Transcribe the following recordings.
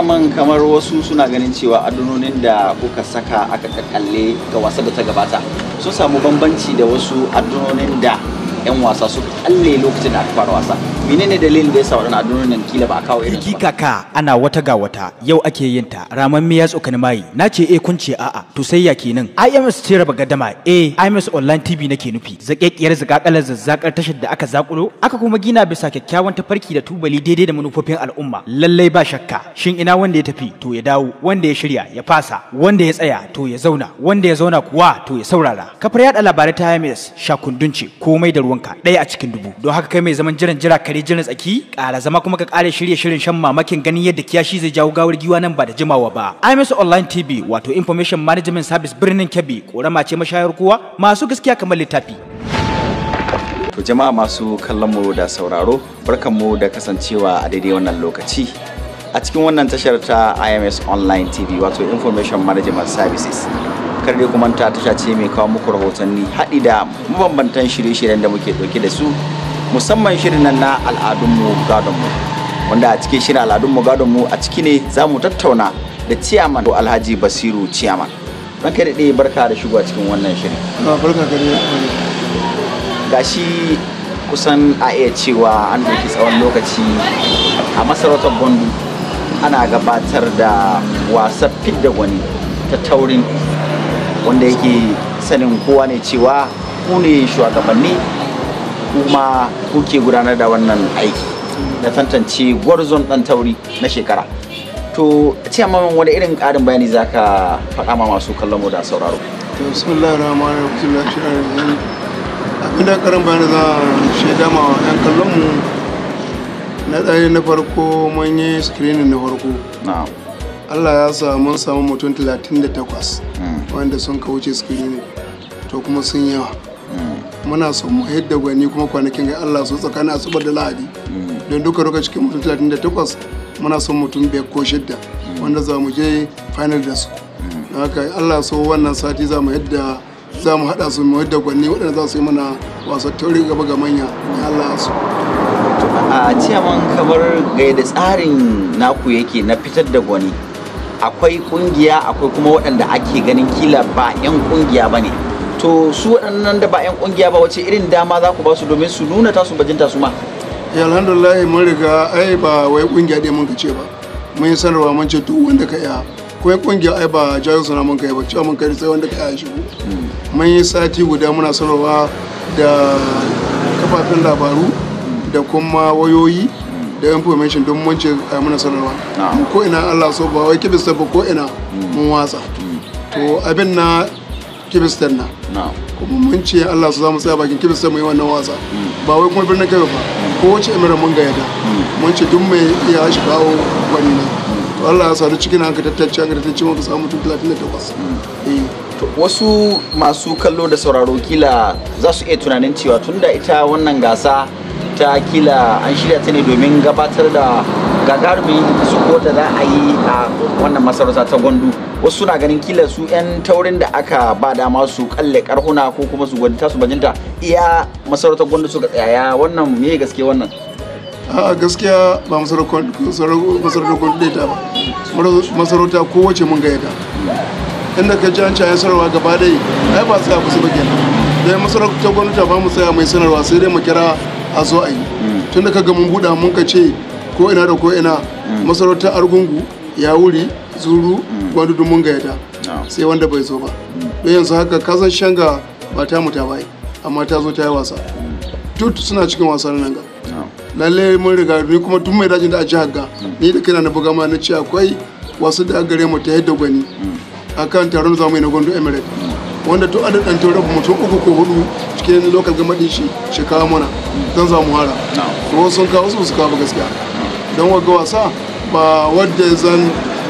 man kamar wasu suna ganin cewa adunonin da kuka saka aka kakalle ga wasa da ta gabata sun samu bambanci da wasu adunonin da yan wasa su kalle lokacin da aka fara wasa menene dalilin da yasa waɗannan adunan nan kila ba a kawo irin su kaka ana wata ga wata yau ake yin ta raman miya tsokani mai na ce eh kun ce a'a to sai ya kenan IMS ce raba gadama eh IMS online TV nake nufi zakekiyar zakakalar zazzakar tashar da aka zakulo aka kuma gina bisa kyakkyawan tafarki da tubali daidai da manufofin al'umma lallai ba shakka shin ina wanda ya tafi to ya dawo wanda ya shirya ya fasa wanda ya tsaya to ya zauna wanda ya zauna kuwa to ya saurara kafar yada labarai ta IMS shakundunce komai da ruwa ruwanka ɗaya a cikin dubu don haka kai mai zaman jiran jira kare jiran tsaki ƙara zama kuma ka ƙara shirye shirin shan mamakin ganin yadda kiyashi zai jawo gawar giwa nan ba da jimawa ba IMS Online TV wato Information Management Service birnin Kebbi korama ce mashayar kowa masu gaskiya kamar littafi To jama'a masu kallon mu da sauraro mu da kasancewa a daidai wannan lokaci a cikin wannan tashar ta IMS Online TV wato Information Management Services kar dai kuma ta tasha ce mai kawo muku rahotanni haɗi da mabambantan shirye-shiryen da muke ɗauke da su musamman shirin nan na al'adunmu gadonmu wanda a cikin shirin al'adunmu gadonmu a ciki ne za mu tattauna da ciyaman alhaji basiru ciyaman da daɗe barka da shigo a cikin wannan shirin ah, gashi kusan a iya cewa an ɗauki tsawon lokaci a masarautar gondu ana gabatar da wasa fidda wani ta taurin wanda yake sanin kowa ne cewa ku ne shugabanni kuma kuke gudanar da wannan aiki na tantance gwarzon dan tauri na shekara to ce amma wani irin ƙarin bayani za ka faɗa ma masu kallon mu da sauraro to bismillahir rahmanir rahim abin da karin bayani za shaida ma yan kallon mu na tsari na farko yi screening na farko na'am allah ya sa mun samu mutum 38 hmm. wanda sun ka wuce screening to kuma sun yawa muna son mu da gwani kuma kwanakin ga allah su tsakanin asubar da lahadi hmm. don duka duka cikin mutum 38 muna son mutum biyar ko shidda hmm. wanda za mu je final da su haka allah so wannan sati za mu yadda za mu haɗa su mu yadda gwani waɗanda za su yi mana wasan tauri gaba ga manya ya allah su a ciyaman kamar ga da tsarin naku yake na fitar da gwani akwai kungiya akwai kuma waɗanda ake ganin kila ba 'yan kungiya ba ne to su waɗannan da ba 'yan kungiya ba wace irin dama za ku ba su domin su nuna tasu bajinta su ma eh, alhamdulillah mun riga ai ba wai kungiya ɗaya mun ka ce ba mun yi sanarwa mun ce duk wanda ka iya kuma kungiya ai ba jayo suna mun kai ba cewa mun kai sai wanda ka iya shigo hmm. mun yi sati guda muna sanarwa da kafafen labaru da kuma wayoyi da information don mun a sanarwa ko ina Allah so ba wai kibista ba ko ina mm. mun watsa mm. to abin na kibistan na kuma mun ce Allah su zamu tsaya bakin kibistan mu yi wannan wasa mm. ba wai kuma birnin kai ba ko wace imira mun ga yadda mun ce duk mai iya shi kawo wani na to Allah ya sadu cikin haka tattace haka tattace mun samu tun 38 eh wasu masu kallo da sauraro kila za su iya tunanin cewa tunda ita wannan gasa ta kila an shirya ta ne domin gabatar da gagarumin ko da za a yi a wannan masarauta ta gwandu wasu suna ganin kila su 'yan taurin da aka ba dama su kalle karhuna ko kuma su gwanta su bajinta iya masarautar gwandu suka tsaya wannan me gaske wannan a gaskiya ba masarautar gwandu ne ta ba masarauta kowace mun ta inda ka ji an ci sarwa gaba dai ai ba sai a kusa ba kenan dai masarautar gwandu ta ba mu tsaya mai sanarwa sai dai mu kira a zo a yi tun da ka ga mun buɗa mun ka ce ko ina da ko ina masarautar argungu ya wuri zuru wani mun gayyata sai wanda bai zo ba don yanzu haka kasan shanga ba ta muta bai amma ta zo ta yi wasa tut suna cikin wasan nan ga lalle mun riga ni kuma tun mai dajin da a jihar ga ni da kaina na buga ma na ce akwai wasu da gare mu ta yadda gwani mm. akan taron zamani na gondo emirate wanda duk adadin tura mu to uku ko hudu cikin lokal gama ɗin shi shi kawo mana dan za mu hara to sun kawo su su kawo gaskiya don wagga wasa ba wanda zan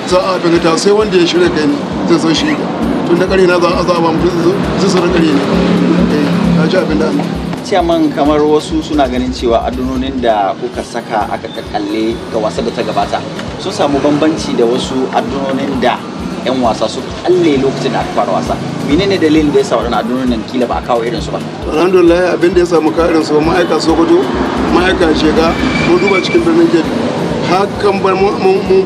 za a ta sai wanda ya shirya kai zai san shi tun da kare na za a zaba mu zai san kare eh, ne ka ji abin da ciyaman kamar wasu suna ganin cewa adunonin da kuka saka aka kakalle ga wasa da ta gabata sun samu bambanci da wasu adunonin da 'yan wasa su kalle lokacin da aka fara wasa menene dalilin da ya sa waɗannan adunan nan kila ba a kawo irin su ba alhamdulillah abin da ya samu kawo irin su ma'aika sokoto ma'aika shega ko duba cikin birnin gate hakan bar mun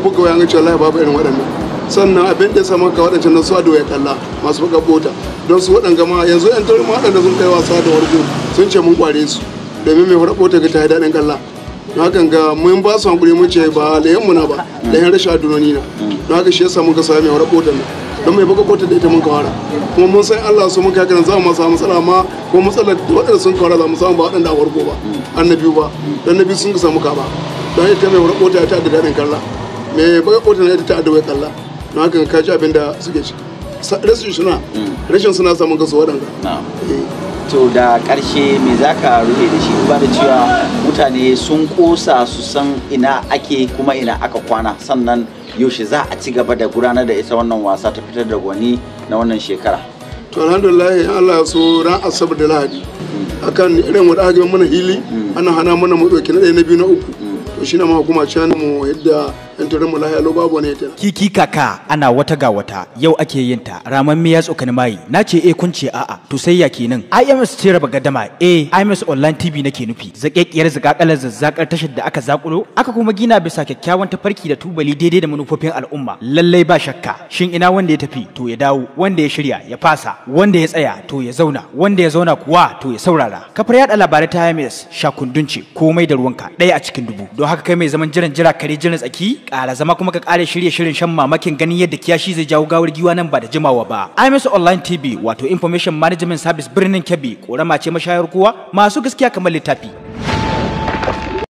buga wayan ga cewa babu irin waɗannan sannan abin da ya samu kawo waɗancan nan su a doya kalla masu buga bota don su waɗanga ma yanzu 'yan tarin waɗanda sun kai wasa da wargo sun ce mun kware su domin mai fara bota ga ta yi daɗin kalla hakan ga mun ba su hankuri mun ce ba layan mu na ba layan rashin adunoni na don haka shi yasa muka sami wa kotar nan don mai baka kotar da ita mun kawara kuma mun san Allah su muka kan za mu samu matsala ma ko matsalar da wadanda sun kawara za mu samu ba waɗanda a warko ba annabi ba dan nabi sun ka samu kaba don ita mai wani ta ta da dadin kalla mai baka kotar da ita ta da wai kalla don haka ka ji abin da suke ciki rashin suna mm. rashin suna waɗanda eh. to da ƙarshe me za ka rufe da shi ba da cewa mutane sun ƙosa su san ina ake kuma ina aka kwana sannan yaushe za a ci gaba da gudanar da ita wannan wasa ta fitar da gwani na wannan shekara to alhamdulillah Allah so ran asabar da lahadi mm. akan irin wanda aka mana hili mm. ana hana mana mu na ɗaya na biyu na uku to shine ma hukuma mu yadda yan mu lahiya babu wani yatin kiki kaka ana wata ga wata yau ake yin ta raman miya tsokani mai na ce eh kun ce a'a to sai ya kenan IMS ce raba gadama eh IMS online TV nake nufi zakekiyar zakakalar zazzakar tashar da aka zakulo aka kuma gina bisa kyakkyawan tafarki da tubali daidai da manufofin al'umma lallai ba shakka shin ina wanda ya tafi to ya dawo wanda ya shirya ya fasa wanda ya tsaya to ya zauna wanda ya zauna kuwa to ya saurara kafar yada labarai ta IMS shakundunce komai da ruwanka ɗaya a cikin dubu don haka kai mai zaman jiran jira kare jiran tsaki kara zama kuma ka ƙara shirye shirin shan mamakin ganin yadda kiyashi zai jawo gawar giwa nan ba da jimawa ba IMS Online TV wato Information Management Service birnin Kebbi korama ce mashayar kowa masu gaskiya kamar littafi